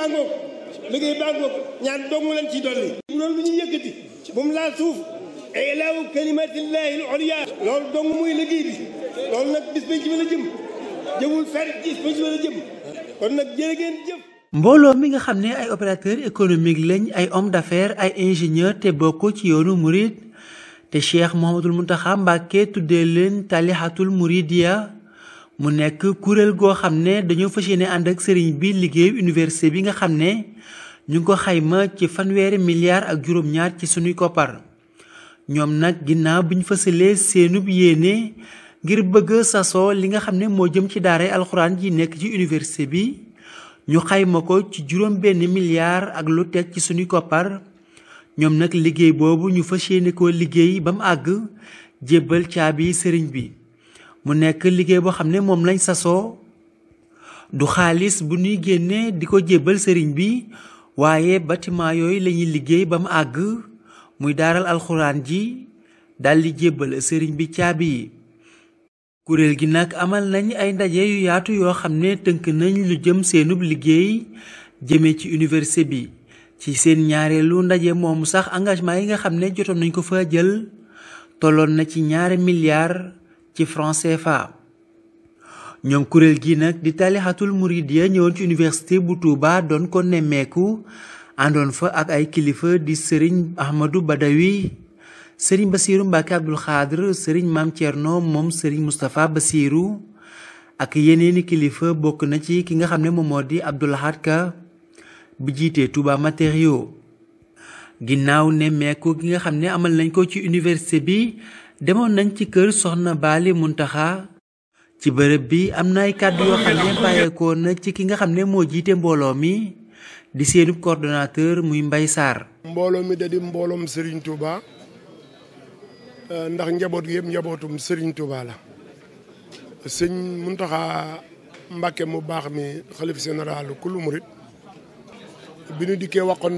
baa ngoog liggéey baa ngoog ñaan doomu leen ci dolli loolu lu ñuy yëkkati bu mu laal suuf ilaahu kalimatillahi al ulia loolu dong muy liggéey bi loolu nag bis bañ ci mën a jëm jëmul fer bis bañ ci mën a jëm kon nag jërë ngeen jëf mbooloo mi nga xam ne ay opérateur économique lañ ay homme d'affaires ay ingénieur te bokk ci yoonu murid te Cheikh Mouhamadoul Mountakha Mbacké tuddee leen talihatul muridiya mu nekk kuréel goo xam ne dañoo fas yéene ànd ak sëriñ bi liggéeyu université bi nga xam ne ñu ngi ko xayma ci fanweeri milliards ak juróom-ñaar ci sunuy koppar ñoom nag ginnaaw bi ñu fësalee seenub yéene ngir bëgg sasoo li nga xam ne moo jëm ci daara alxuraan yi nekk ci université bi ñu xayma ko ci juróom benn milliard ak lu teg ci sunuy koppar ñoom nag liggéey boobu ñu fas yéene koo liggéey ba mu àgg jébbal caabi sëriñ bi mu nekk liggéey boo xam ne moom lañ sasoo du xaalis bu ñuy génnee di ko jébbal sëriñ bi waaye bâtiment yooyu lañuy liggéey ba mu àgg muy daaral alxuraan ji daldi jébbal sëriñ bi caabi yi kuréel gi nag amal nañ ay ndaje yu yaatu yoo xam ne tënk nañ lu jëm seenub liggéey jëme ci université bi ci seen ñaareelu ndaje moomu sax engagement yi nga xam ne jotoon nañ ko fa jël na ci ñaari milliards ci franc fa ñoom kuréel gi nag di taalixatul muridiya ñëwoon ci université bu Touba doon ko nemmeeku àndoon fa ak ay kilifa di sëriñ Ahmadou Badawi sëriñ Bassirou Mbacke Abdoul Khadr sëriñ Maam Thierno moom sëriñ Moustapha Bassirou ak yeneeni kilifa bokk na ci ki nga xam ne moom di Abdoul Ahad bi jiitee Touba matériaux ginnaaw nemmeeku ki nga xam ne amal nañ ko ci université bi demoon nañ ci kër soxna Baali Muntaxa ci bërëb bi am na ay kàddu yoo xam ne bàyyeekoo na ci ki nga xam ne moo jiite mbooloo mi di seenub coordonnateur muy Mbay saar mbooloo mi da di mbooloom sëriñ Touba euh, ndax njaboot gi yëpp njabootum sëriñ Touba la sëñ Muntaxa Mbàkke mu baax mi xalif général kullu murit bi ñu dikkee waxoon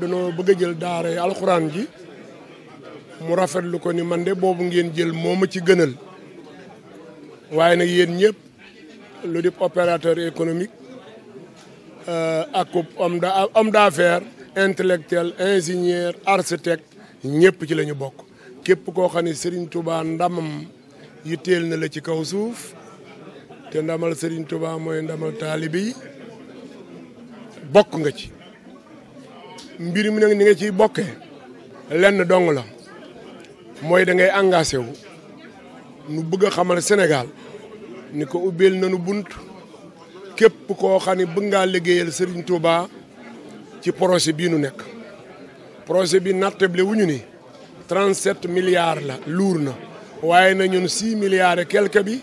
danoo bëgg a jël daara alxuraan ji mu rafetlu ko ni man de boobu ngeen jël moo ma ci gënal waaye nag yéen ñëpp lu di opérateur économique euh, ak homme homme d'affaires intellectuel ingénieur architecte ñëpp ci lañu bokk képp koo xam ne Serigne Touba ndamam yitteel na la ci kaw suuf te ndamal Serigne Touba mooy ndamal taalibe yi bokk nga ci mbir mi na ni nga ciy bokkee lenn dong la mooy da ngay engagé wu nu bëgg a xamal Sénégal ni ko ubbeel nanu bunt képp koo xam ne bëgg ngaa liggéeyal Serigne Touba ci projet bii nu nekk projet bi nattable wu ñu ni 37 milliards la luur na waaye na ñun 6 milliards et bi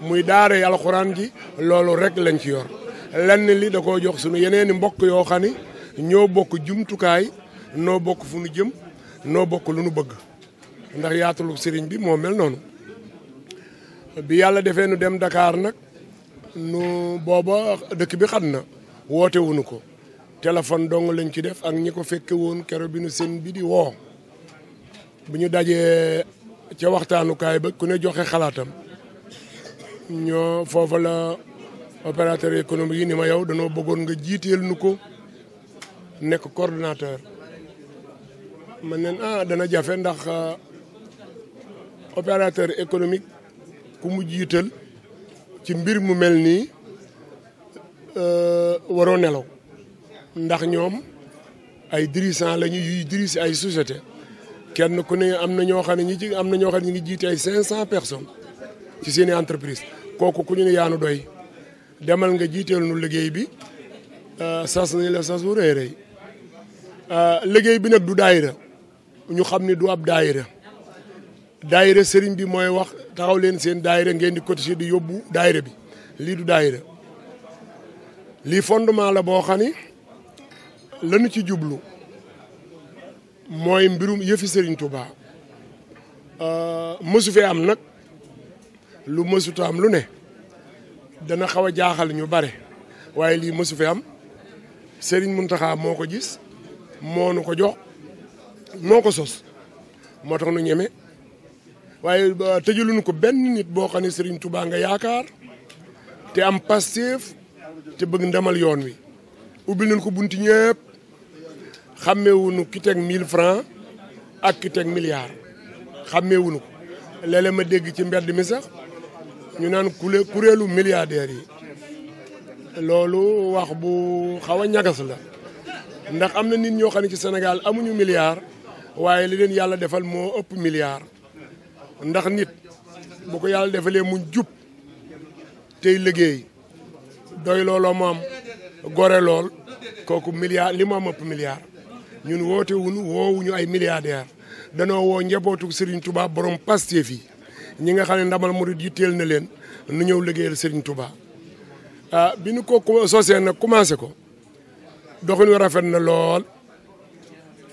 muy daara yi alxuraan ji loolu rek lañ ci yor lenn li da koo jox suñu yeneeni mbokk yoo xam ni ñoo bokk jumtukaay noo bokk fu nu jëm noo bokk lu nu bëgg ndax yaatulu sëriñ bi moo mel noonu bi yàlla defee nu dem dakaar nag nu booba dëkk bi xam na woote wuñu ko téléphone dong lañ ci def ak ñi ko fekke woon kero bi nu seen bi di woo bu ñu dajee ca waxtaanukaay ba ku ne joxe xalaatam ñoo foofa la opérateur économique yi ni ma yow danoo bëggoon nga jiiteel nu ko nekk coordonnateur man neen ah dana jafe ndax opérateur économique ku mu jiital ci mbir mu mel nii euh, waroo nelaw ndax ñoom ay dirigeants lañu yuy si ay société kenn ku ne am na ñoo xam ne ñi ci am na ñoo xam ñu ngi jiite ay 500 personnes ci seen i entreprise kooku ku ñu ne yaanu doy demal nga jiiteel nu liggéey bi euh, sas nañ la sas wu rëy rëy euh, liggéey bi nag du daayira ñu xam ni du ab daayira daayira sëriñ bi mooy wax taxaw leen seen daayira ngeen di cotiser di yóbbu daayira bi lii du daayira lii fondement la boo xam ni lanu ci jublu mooy mbirum yëfi sëriñ Touba euh, mësu fee am nag lu mësuta am lu ne dana xaw a jaaxal ñu bare waaye lii mësu fee am sëriñ Mountakha moo ko gis moo nu ko jox moo ko sos moo tax nu ñeme waaye tëjaluñu ko benn nit boo xam ne Serigne Touba nga te am Pastef te bëgg ndamal yoon wi ubbil nañ ko bunti ñëpp xàmmeewuñu ki teg 1000 francs ak ki teg milliard xàmmeewuñu ko léeg ma dégg ci mbedd mi sax ñu naan kule kuréelu milliardaires yi loolu wax bu xaw a ñagas la ndax am nit ñoo xam ci Sénégal amuñu milliard li leen defal milliard ndax nit bu ko yàlla defalee mu jub tey liggéey doy looloo moom gore lool kooku milliard li moom ëpp milliard ñun woote wuñu woowuñu ay milliardaire danoo woo njabootu Serigne Touba borom Pastef yi ñi nga xam ne ndamal murid yitteel na leen nu ñëw liggéeyal Serigne Touba a ah, bi ñu ko sosee nag ko doxin rafet na lool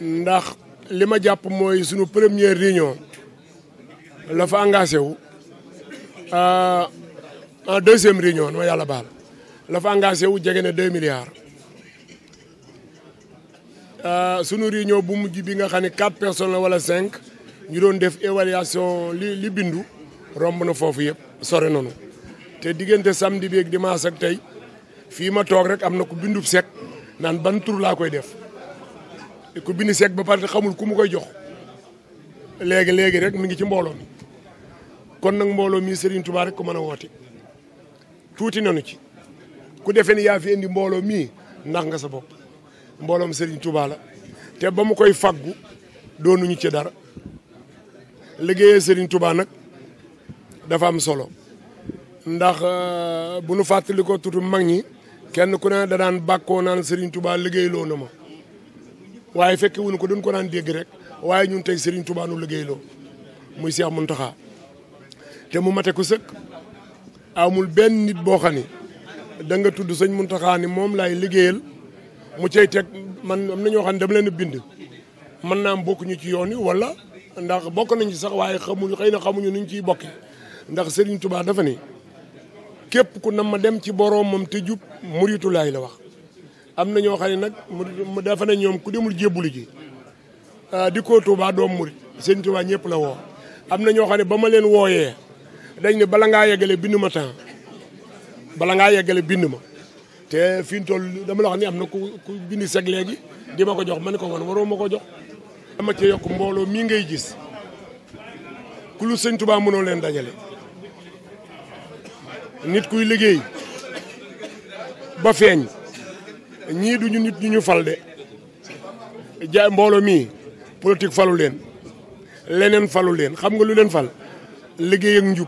ndax li ma jàpp mooy sunu première réunion. la fa engagé wu euh, en deuxième réunion ma yàlla baal la fa engagé wu jege na deux milliards euh, sunu réunion bu mujj bi nga xam ne quatre personnes la wala cinq ñu doon def évaluation li li bindu romb na foofu yëpp sore noonu te diggante samedi bi ak dimanche ak tey fii ma toog rek am na ku bindu sec naan ban tur laa koy def ku bindu sec ba pare xamul ku mu koy jox léegi léegi rek mu ngi ci mbooloo mi kon nag mbooloo mii Serigne Touba rek ko mën a woote tuuti nanu ci ku defee ni yaa mbooloo mii ndax nga sa bopp mbooloom Serigne Touba la te ba mu koy faggu doonuñu ci dara liggéeyee Serigne Touba nag dafa am solo ndax euh, bu nu fàttali ko tutu mag ñi kenn ku ne da daan bàkkoo naan Serigne Touba liggéeyloo na ma waaye fekk ko duñ ko naan dégg rek waaye ñun tey Serigne Touba nu liggéeyloo muy Cheikh Mountakha te mu mate ku sëkk amul benn nit boo xam ni da nga tudd sëñ Muntaxa ni moom laay liggéeyal mu cay teg man am na ñoo xam ne dama leen bind mën naa am bokkuñu ci yoon wi wala ndax bokk nañ ci sax waaye xamuñu xëy na xamuñu nuñ ciy bokki ndax Serigne Touba dafa ni képp ku nam ma dem ci boroomam te jub muritu laay la wax am na ñoo ne nag mu dafa ñoom ku demul jébbuli ji ah, di ko Touba doom murit Serigne Touba ñëpp la woo am na ñoo xam ne ba ma leen wooyee dañ ne bala ngaa yeggale bind ma temps bala ngaa yeggale bind ma te fi mu toll dama la ni am na ku ku bind seg léegi di ma ko jox ma ne ko woon waroo ma ko jox. dama ci yokk mbooloo mii ngay gis ku lu sëñ Tuubaa mënoo leen dajale nit kuy liggéey ba feeñ ñii duñu nit ñu ñu fal de ja mbooloo mii politique falu leen leneen falu leen xam nga lu leen fal liggéey ak njub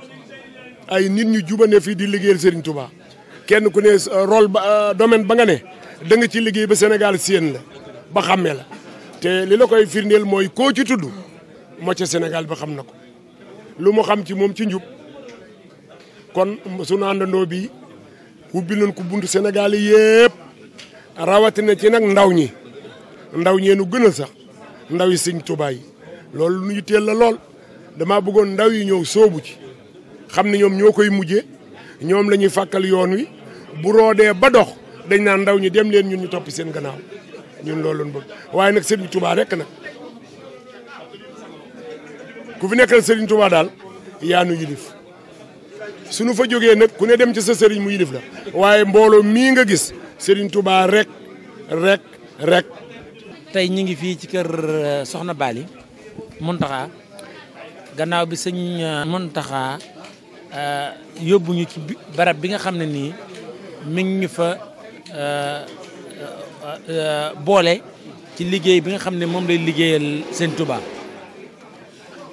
ay nit ñu ne fii di liggéeyal Serigne Touba kenn ku ne euh, rol ba euh, domaine ba nga ne da nga ci liggéey ba Sénégal séen la ba xàmmee la te li la koy firndeel mooy koo ci tudu moo ca Sénégal ba xam na ko lu mu xam ci moom ci njub kon sunu àndandoo bi ubbi nañ ko buntu Sénégal yëpp rawatina ci nag ndaw ñi ndaw ñee nu gënal sax ndaw yi Serigne Touba loolu lu ñu teel la lool dama bëggoon ndaw yi ñëw soobu ci. xam ne ñoom ñoo koy mujje ñoom lañuy ñuy yoon wi bu roodee ba dox dañ naan ndaw ñi dem leen ñun ñu topp seen gannaaw ñun loolu lañ bëgg waaye nag Serigne tubaa rek nag ku fi nekkal Serigne Touba daal yaa nu yilif suñu fa jógee nag ku ne dem ci sa Serigne mu yilif la waaye mbooloo mii nga gis Serigne tubaa rek rek rek. tey ñu ngi fii ci kër Soxna baali mun taxaa gannaaw bi sëñ Mountakha. Euh, yóbbu ñu ci barab bi nga xam ne nii mi ngi ñu fa euh, euh, boole ci liggéey bi nga xam ne moom lay liggéeyal seen Touba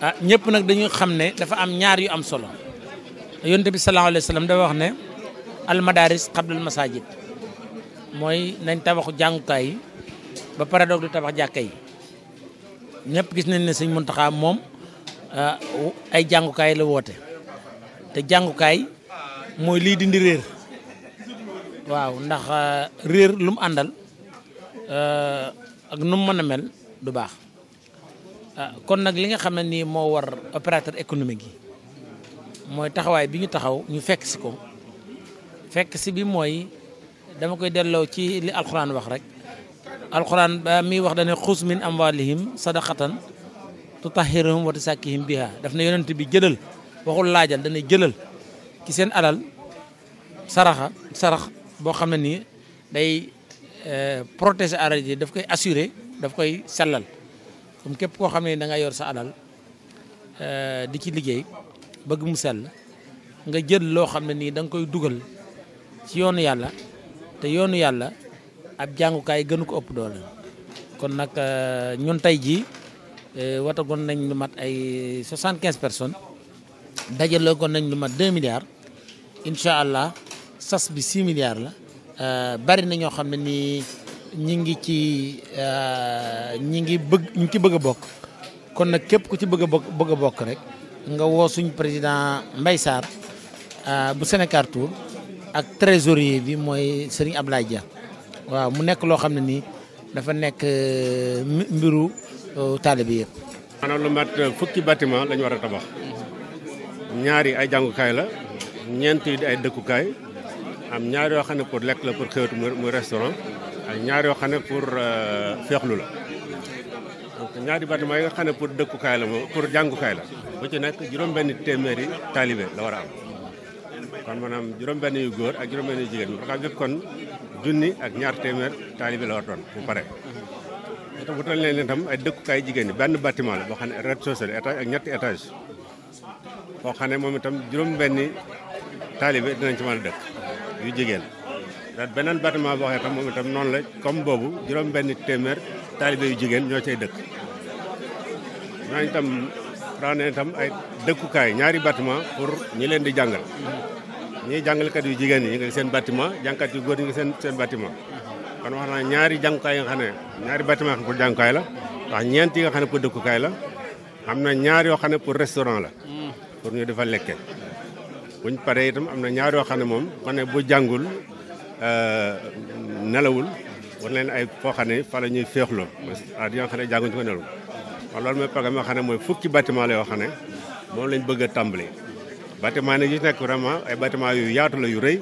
ah ñëpp nag dañu xam ne dafa am ñaar yu am solo yonent bi salallaahu alayhi wa sallam dafa wax ne almadaris xablal masajid mooy nañ tabaxu jàngukaay yi ba pare di tabax jàkka yi ñëpp gis nañ ne sëñ Muntaxa moom ay jàngukaay la woote te jàngukaay mooy lii dindi réer waaw ndax euh, réer lu mu àndal euh, ak nu mu mën a mel du baax euh, kon nag li nga xam ne nii moo war opérateur économique yi mooy taxawaay bi ñu taxaw ñu fekk si ko fekk si bi mooy dama koy delloo ci li alxuraan wax rek alxuraan ba mi wax dane xus min amwalihim sadaqatan tutahhiruhum wa tusakkihim biha daf na yonent bi jëlal waxul lajal dañuy jëlal ci seen alal saraxa sarax bo xamné ni day euh protéger alal yi daf koy assurer daf koy sellal comme kep ko xamné da nga yor sa alal euh, di ci liggéey bëgg mu sell nga jël lo xamné ni dang koy dugal ci yoonu yalla te yoonu yalla ab jàngukaay gënu ko upp doole kon nak euh, ñun ji euh watagon nañ lu mat ay 75 personnes dajaloo ko nañ lu mat 2 milliards incha allah sas bi 6 milliards la euh, bari na ñoo xam ne nii ñi ngi ci euh, ñu ngi bëgg ñi ngi ci bëgg a bokk kon nag képp ku ci bëgg a bokk a bokk rek nga woo suñ président Mbaye Sarr euh, bu Sénécartour ak trésorier bi mooy Serigne Ablaye Dia waaw mu nekk loo xam ne nii dafa nekk mbiru taalibe yëpp. maanaam lu mat fukki bâtiment lañu war a tabax. ñaari ay jàngukaay la ñeent ay dëkkukaay am ñaar yoo xam ne pour lekk la pour xewtu muy restaurant ak ñaari yoo xam ne pour euh, feexlu la donc ñaari bâtiment nga xam ne pour dëkkukaay la moom pour jàngukaay la bu ci nekk juróom-benn téeméeri taalibe la war a am kon maanaam juróom-benn góor ak juróom-benn jigéen parce que bépp kon junni ak ñaar téeméer taalibe la war doon bu pare itam wutal leen itam ay dëkkukaay jigéen ñi benn bâtiment la boo xam ne rez-de-chaussée étage ak ñetti étage boo xam ne moom itam juróom-benni taalibe dinañ ci mën a dëkk yu jigéen daal beneen bâtiment boo xam moom itam noonu la comme boobu juróom-benni téeméer taalibe yu jigéen ñoo cay dëkk. ñooñu itam daan itam ay dëkkukaay ñaari bâtiment pour ñi leen di jàngal ñii jàngalkat yu jigéen ñi ngi seen bâtiment jàngkat yu góor ñi ngi seen seen bâtiment. kon wax naa ñaari jàngukaay yi nga xam ñaari bâtiment xam pour jàngukaay la ndax ñeent yi nga xam ne pour dëkkukaay la am na ñaar yoo xam ne pour restaurant la. pour ñu dafa lekke buñ paree itam am na ñaar yoo xam ne moom ma ne bu jàngul euh, nelawul war neen ay foo xam ne fa la ñuy féexloo ah di nga xam ne jànguñ ko nelawul waaw loolu mooy programme yoo xam mooy fukki bâtiment la yoo xam ne moom lañ bëgg a tàmbali bâtiment nag yu nekk vraiment ay bâtiment yu yaatu la yu rëy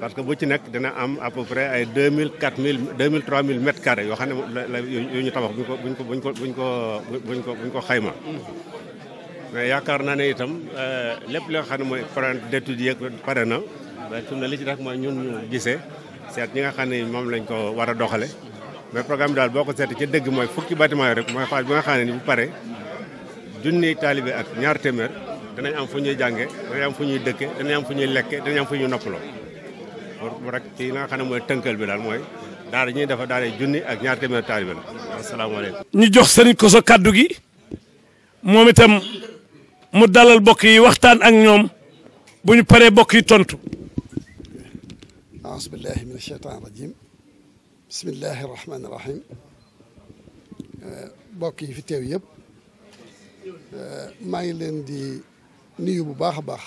parce que bu ci nekk dina am à peu près ay deux mille quatre mille deux mille trois mille yoo xam ne la la yu ñu tabax buñ ko buñ ko buñ ko buñ ko buñ ko xayma mais yaakaar naa ne itam euh, lépp li nga xam ne mooy parent d'études yeeg pare na mais fi ne li ci tax mooy ñun ñu gisee seet ñi nga xam ne moom lañ ko war a doxale mais programme daal boo ko seetee ca dëgg mooy fukki bâtiment yi rek mooy xaaj bi nga xam ne ni bu pare junni taalibe ak ñaar téeméer danañ am fu ñuy jànge danañ am fu ñuy dëkke danañ am fu ñuy lekke danañ am fu ñuy noppaloo pour rek ci li nga mooy tënkal bi daal mooy daal ñuy dafa daal junni ak ñaar téeméer taalibe la asalaamaaleykum مدلل dalal bokk yi waxtaan ak ñoom bu ñu أعوذ بالله من الشيطان الرجيم بسم الله الرحمن الرحيم بوكي في تيو ييب ماي لين دي نيو بو باخ باخ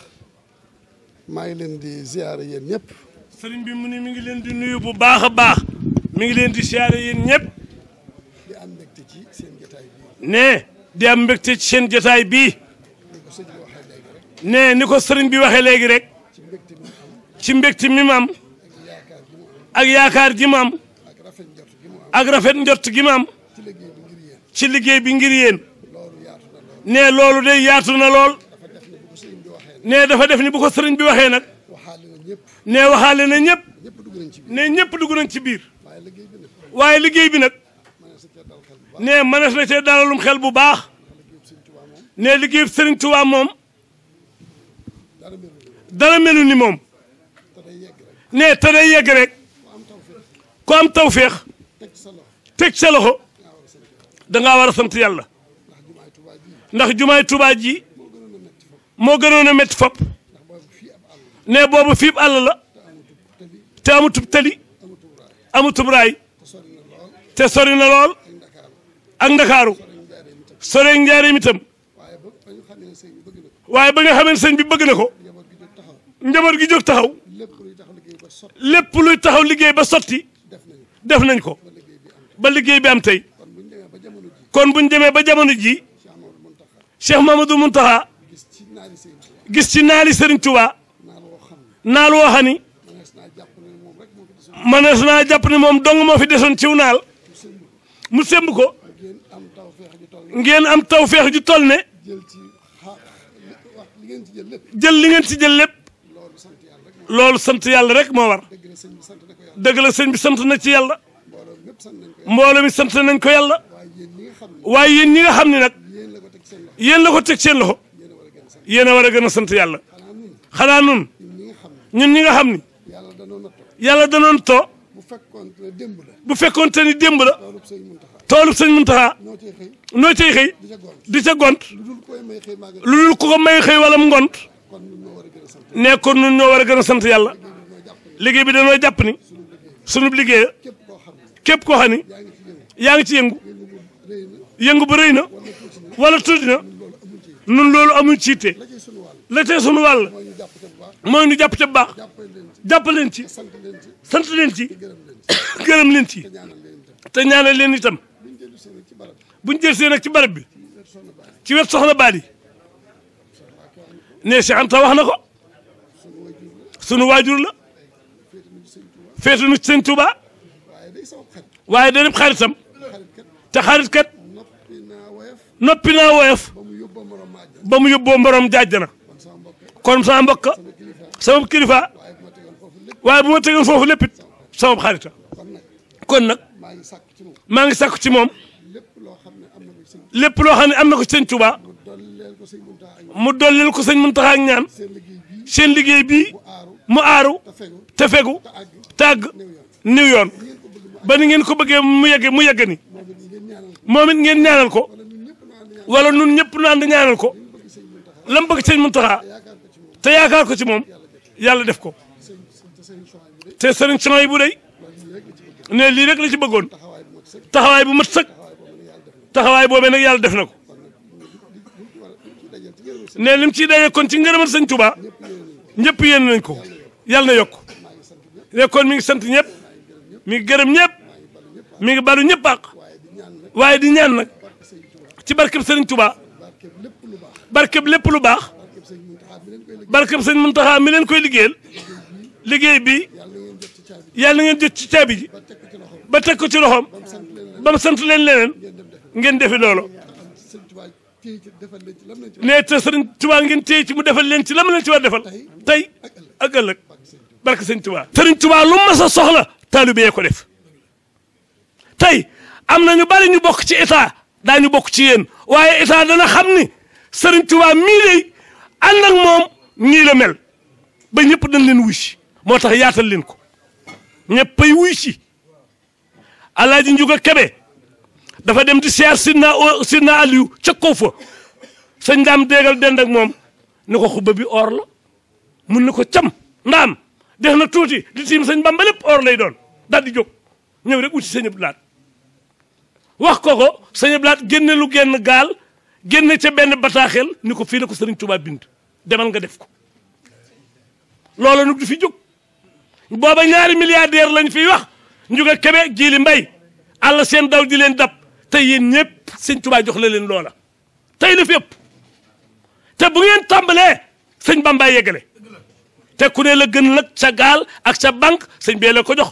ماي لين دي زياره يين ييب سيرين بي موني ميغي لين دي نيو بو باخ باخ ميغي لين دي زياره يين ييب دي ام بكتي سين ني nee ni ko sëriñ bi waxee léegi rek ci mbégte mi maam ak yaakaar ji maam ak rafet njort gi maam ci liggéey bi ngir yéen nee loolu day yaatu na lool nee dafa def ni bu ko sëriñ bi waxee nag nee waxaale na ñëpp nee ñëpp dugg nañ ci biir waaye liggéey bi nag nee mënees na cee dalalum xel bu baax nee liggéey sëriñ Tuubaa moom dara melu ni mom ne te day yegg rek ko am tawfiq tek sa loxo da nga wara sant yàlla ndax jumaay touba ji mo geñona métti fop ne bobu fiib alla la te amu tub tali amu tub ray te sori na lol ak ndakaaru sori njaareem mitam waaye ba nga xamee sëñ bi bëgg na ko njaboot gi jóg taxaw lépp luy taxaw liggéey ba sotti def nañ ko ba liggéey bi am tey kon buñ demee ba jamono ji Cheikh Mamadou Mountakha gis ci naali sëriñ Touba naal woo xam ni mënees naa jàpp ne moom dong moo fi desoon ciw naal mu semb ko ngeen am taw feex ju toll ne jël li ngeen ci jël lépp loolu sant yàlla rek moo war dëgg la sëñ bi sant na ci yàlla mbooloo mi sant nañ ko yàlla waaye yéen ñi nga xam ne nag yéen la ko teg seen loxo yéen a war a gën a sant yàlla xanaa nun ñun ñi nga xam ni yàlla danoon to bu fekkoonte ni démb la toolu sëñ Muntaxa noo cay xëy di ca gont lu dul ku ko may xëy wala mu ngont ne kon nun ñoo war a gën a sant yàlla liggéey bi dañoo jàpp ni sunub liggéey képp koo xam ni yaa ngi ci yëngu yëngu ba rëy na wala tuuti na nun loolu amuñ ci yitte la tey sunu wàll mooy ñu jàpp ca bu baax jàpp leen ci sant leen ci gërëm leen ci te ñaanal leen itam bu ñu jëlsee nag ci barab bi ci wet soxna Baali ne Cheikh Anta wax na ko sunu waajur la féetu nu Sëñ Tuuba waaye dañu xaritam te xarit kat noppi naa woyof ba mu yóbboo mborom jaajana kon sama mbokk sama kilifa waaye bu ma tegoon foofu lépp it sama xarita kon nag maa ngi sàkk ci moom. lépp loo xam ne am na ko sëñ lépp loo xam ne am na ko sëñ Tuubaa mu dolleel ko sëñ Muntaxa ak ñaan seen liggéey bii mu aaru te fegu tàgg niw yoon ba ni ngeen ko bëggee mu yegg mu yegg ni moom it ngeen ñaanal ko wala nun ñëpp nu da ñaanal ko lam bëgg sëñ Muntaxa te yaakaar ko ci moom yàlla def ko te sëriñ Souhaïbou bu dey ne lii rek la ci bëggoon taxawaay bu mat sëkk taxawaay boobee nag yàlla def na ko ne lim ci dajee kon ci ngërëmal sëñ Touba ñëpp yéen nañ ko yàlla na yokk ne mi ngi sant ñëpp mi ngi gërëm ñëpp mi ngi balu ñëpp àq waaye di ñaan nag ci barkeb sëriñ Touba barkeb lépp lu baax barkeb sëñ Muntaxa mi leen koy liggéeyal liggéey bi yàlla na ngeen jot ci caabi ji ba ci loxoom ba mu sant leen leneen ngeen defi loolu nee te sëriñ Tuubaa ngeen téye ci mu defal leen ci lam leen ci war defal tey ak ëllëg barke sëriñ Tuubaa sëriñ Tuubaa lu mas a soxla taalibe yee ko def tey am na ñu bari ñu bokk ci état daañu bokk ci yeen waaye état dana xam ni sëriñ Tuubaa mii lay ànd ak moom nii la mel ba ñëpp dañ leen wuy moo tax yaatal leen ko ñëppay wuy si alaaji njuga kebe dafa dem di siyaar Sidna Sidna Aliou ca kaw fa sëñ daam déegal dend ak moom ni ko xubba bi or la mun ni ko cam ndaam def na tuuti di tiim sëñ Bamba lépp or lay doon daal di jóg ñëw rek uti sëñ Abdou wax ko ko sëñ Abdou génne lu génn gaal génne ca benn bataaxel ni ko fii la ko sëriñ Tuubaa bind demal nga def ko loola nu du fi jóg booba ñaari milliardaire lañ fiy wax njuga kebe jiili mbay àll seen daw di leen dab te yéen ñëpp sëñ Tuubaa jox la leen loola tey la fépp te bu ngeen tàmbalee sëñ Bamba yeggale te ku ne la gën nag ca gaal ak ca banque sëñ bee la ko jox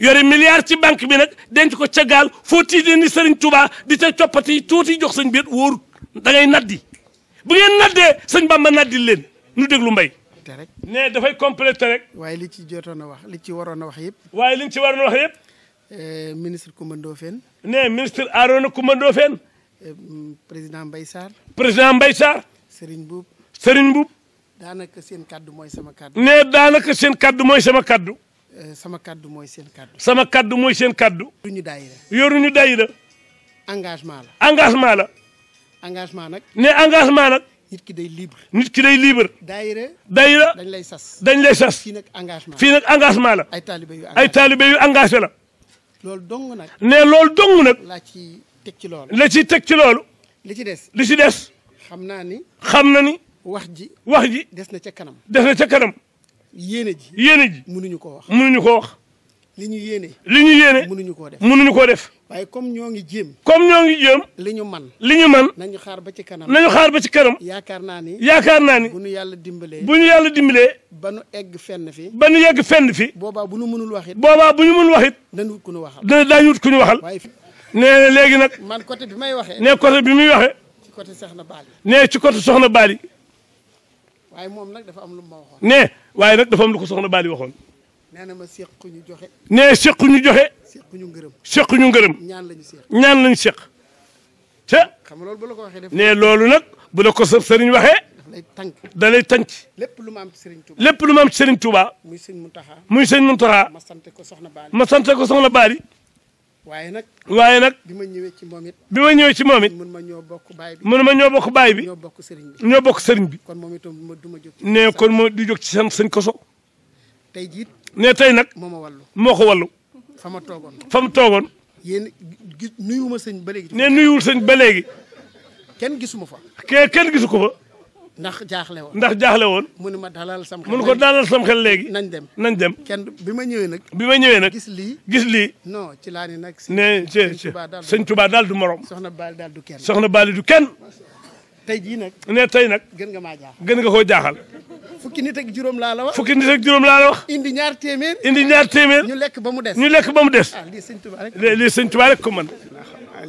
yore milliard ci banque bi nag denc ko ca gaal foo tiitee ni sëriñ tubaa di ca coppati tuuti jox sëñ bi wóorut da ngay naddi bu ngeen naddee sëñ Bamba naddi leen nu déglu mbay. ne dafay complété rek. waaye li ci jotoon a wax li ci waroon a wax yëpp. waaye li ci waroon a Eh, ministre Coumba Ndoffène. nee ministre Arona Coumba Ndoffène. Eh, mm, Presidente Mbaye Sarr. président Mbaye Sarr. Serigne Boub. Serigne Boub. daanaka seen kaddu mooy sama kaddu. nee daanaka seen kaddu mooy sama kaddu. Eh, sama kaddu mooy seen kaddu. sama kaddu mooy seen kaddu. yoruñu daayira. yoruñu daayira. engagement la. engagement la. engagement nag. nee engagement nag. nit ki day libre. nit ki day libre. daayira. daayira dañ lay sas. dañ lay sas. fii nag engagement. fii nag engagement la. ay taalibe yu engagé la. loolu dong nag. ne loolu dong nag. la ci teg ci loolu. la ci teg ci loolu. li ci des. li ci des. xam naa ni. xam na ni. wax ji. wax ji des na ca kanam. des na ca kanam. yéene ji. yéene ji mënuñu ko wax. mënuñu ko wax. li ñu yéene. li ñu yéene mënuñu koo def mënuñu koo def. waaye comme ñoo ngi jéem. comme ñoo ngi jéem. li ñu man li ñu man nañu xaar ba ci kanam. nañu xaar ba ci kanam. yaakaar naa ni. yaakaar naa ni bu ñu yàlla dimbalee. bu ñu yàlla dimbalee. ba nu egg fenn fi. ba nu yegg fenn fi. boobaa bu nu mënul wax it. boobaa bu ñu mënul wax it. dana wut ku ñu waxal dana daañu wut ku ñu waxal. waaye nee na léegi nag. man côté bi may waxee. nee côté bi muy waxee. ci côté Soxna Bali. nee ci côté Soxna Bali. waaye moom nag dafa am lu ma waxoon. nee waaye nag dafa am lu ko Soxna Bali waxoon. nee na ma seq ñu joxe. nee seq ñu joxe seq ñu ngërëm seq ñu ngërëm ñaan lañu seq ñaan lañu seq te xam loolu bu la ko waxee def ne loolu nag bu la ko sa sëriñ waxee lay da lay tànk lépp lu ma am ci Serigne lépp lu ma am ci Serigne Touba muy sëñ Muntaxa muy sëñ Muntaxa ma sante ko soxna Baali ma sante ko soxna Baali waaye nag waaye nag bi ma ñëwee ci moom it bi ma ñëwee ci moom it mun ma ñoo bokk baay bi mun ma ñoo bokk baay bi bokk sëriñ bi bokk sëriñ bi kon moom itam ma du ma jóg ne kon moo du jog ci seen sëñ koso tey jiit ne tey nag moo ma wàllu moo ko wàllu fa ma toogoon fa mu toogoon. yéen gi nuyuwuma sëñ ba léegi. nee nuyuwul sëñ ba léegi. kenn gisuma fa. ke kenn gisu ko fa. ndax jaaxle woon ndax jaaxle woon. mu ne ma dalal sam xel mu ne ko dalal sam xel léegi. nañ dem nañ dem. kenn bi ma ñëwee nag. bi ma ñëwee nag gis lii. gis lii non ci laa ne nag. nee sëñ Tuubaa daal du morom sëñ daal du morom. soxna Baali daal du kenn. soxna Baali du kenn. tey jii nag tey nag gën nga maa jaaxal gën nga koo jaaxal fukki nit ak juróom laa la wax fukki nit ak juróom laa la wax indi ñaar téeméer indi ñaar téeméer ñu lekk ba mu des ñu lekk ba mu des lii sëñ Tuubaa rek lii sëñ Tuubaa rek ko man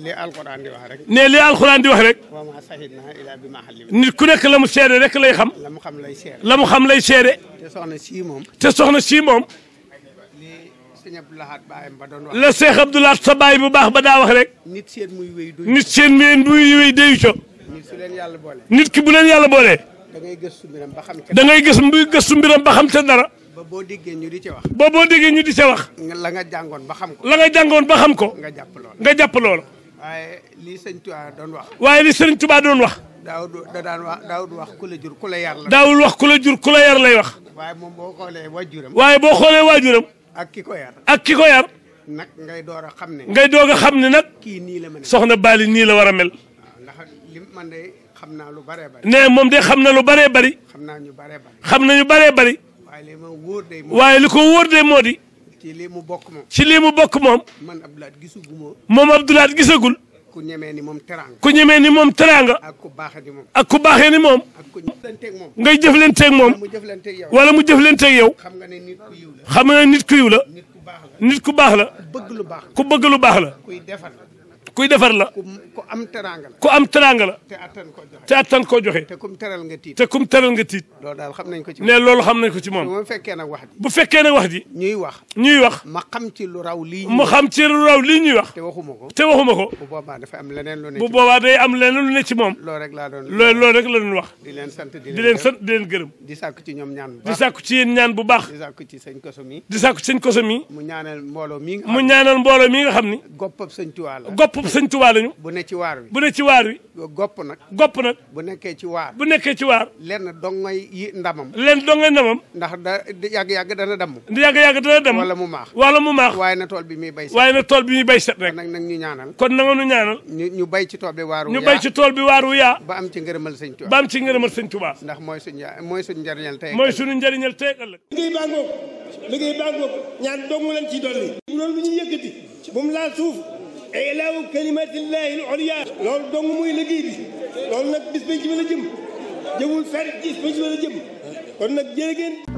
li alxuraan di wax rek ne li alxuraan di wax rek nit ku nekk la mu seede rek lay xam la mu xam lay seede la mu xam lay seede te soxna si moom te soxna sii moom la Seex Abdou Lahad sa baay bu baax ba daa wax rek nit seen muy wéy nit seen muy co nit ki bu leen yàlla boole. da ngay gëstu mbiram ba xam ca da ngay gëstu ba xam ca dara. ba boo déggee ñu di ca wax. ba boo déggee ñu di ca wax. la nga jàngoon ba xam ko. la nga jàngoon ba xam ko. nga jàpp loola nga jàpp loola. waaye li sëñ Tuubaa doon wax. waaye li sëñ Tuubaa doon wax. daawud da daan wax daawud wax ku la jur ku la yar daawul wax ku la jur ku la yar lay wax. waaye moom boo xoolee waajuram. waaye boo xoolee waajuram. ak ki ko yar ak ki ko nag ngay door a xam ne. ngay doog xam ne nag. kii nii la mel soxna Bali nii la war a mel. man de xam naa lu baree bari. nee moom de xam na lu baree bari. xam na ñu baree bari. xam nañu baree bari. waaye li ma wóor de. waaye li ko wóor de moo di. ci lii mu bokk moom. ci lii bokk moom. man Abdoulaye gisaguma. moom Abdoulaye gisagul. ku ñemee ni moom teraanga. ku ñemee ni moom teraanga. ak ku baaxee ni moom. ak ku baaxee ni moom. ak ku jëflanteeg moom. ngay jëflanteeg moom. wala mu jëflanteeg yow. wala mu jëflanteeg yow. xam nga ne nit ku yiw la. xam nga ne nit ku yiw nit ku baax la. nit ku baax la. ku bëgg lu baax la. كوي دفر لا كو ام ترانغ لا تي اتان كو جوخي تي كوم ترال نغا تيت تي كوم ترال نغا تيت لو دال خامنا نكو تي ني لولو ني ما خام تي لو راو لي ما خام تي لو راو لي ني واخ تي واخومako بو بوبا دا فا ام لنين لو نيت بو بوبا لو رك لا دون لو رك لا دون واخ دي لين سنت دي لين دي لين دي ساكو تي ñom ñaan دي ساكو تي ñaan بو باخ دي ساكو تي سيغ كوسومي دي ساكو سيغ كوسومي مو ñaanal مبولو مي مو ñaanal مبولو مي nga xamni sëñ Tuubaa lañu. bu ne ci waar wi bu ne ci waar wi. nag gopp nag. bu nekkee ci waar. bu nekkee ci waar. lenn dongay yi ndamam. lenn dongay ndamam. ndax da yàgg yàgg dana damm. yàgg yàgg dana damm. wala mu maax wala mu maax. waaye na tool bi muy bay set tool bi bay set rek. kon nag kon na nga ñu ñaanal. ñu bay ci tool bi waaru ñu bay ci tool bi waaru yaa. ba am ci ngërëmal sëñ Tuubaa ba am ci ngërëmal ndax mooy suñu ja mooy suñu njëriñal tey. mooy suñu njëriñal tey ëllëg. liggéey baa ngoog liggéey baa ngoog ñaan dong leen ci dolli. loolu bu ñu yëkkati bu mu laal suuf ilaahu kalimatillahi al-ulya loolu dong muy liggéey bi loolu nag bis ba ci mën a jëm jëmul fer bis ba ci mën a jëm kon nag jërë ngeen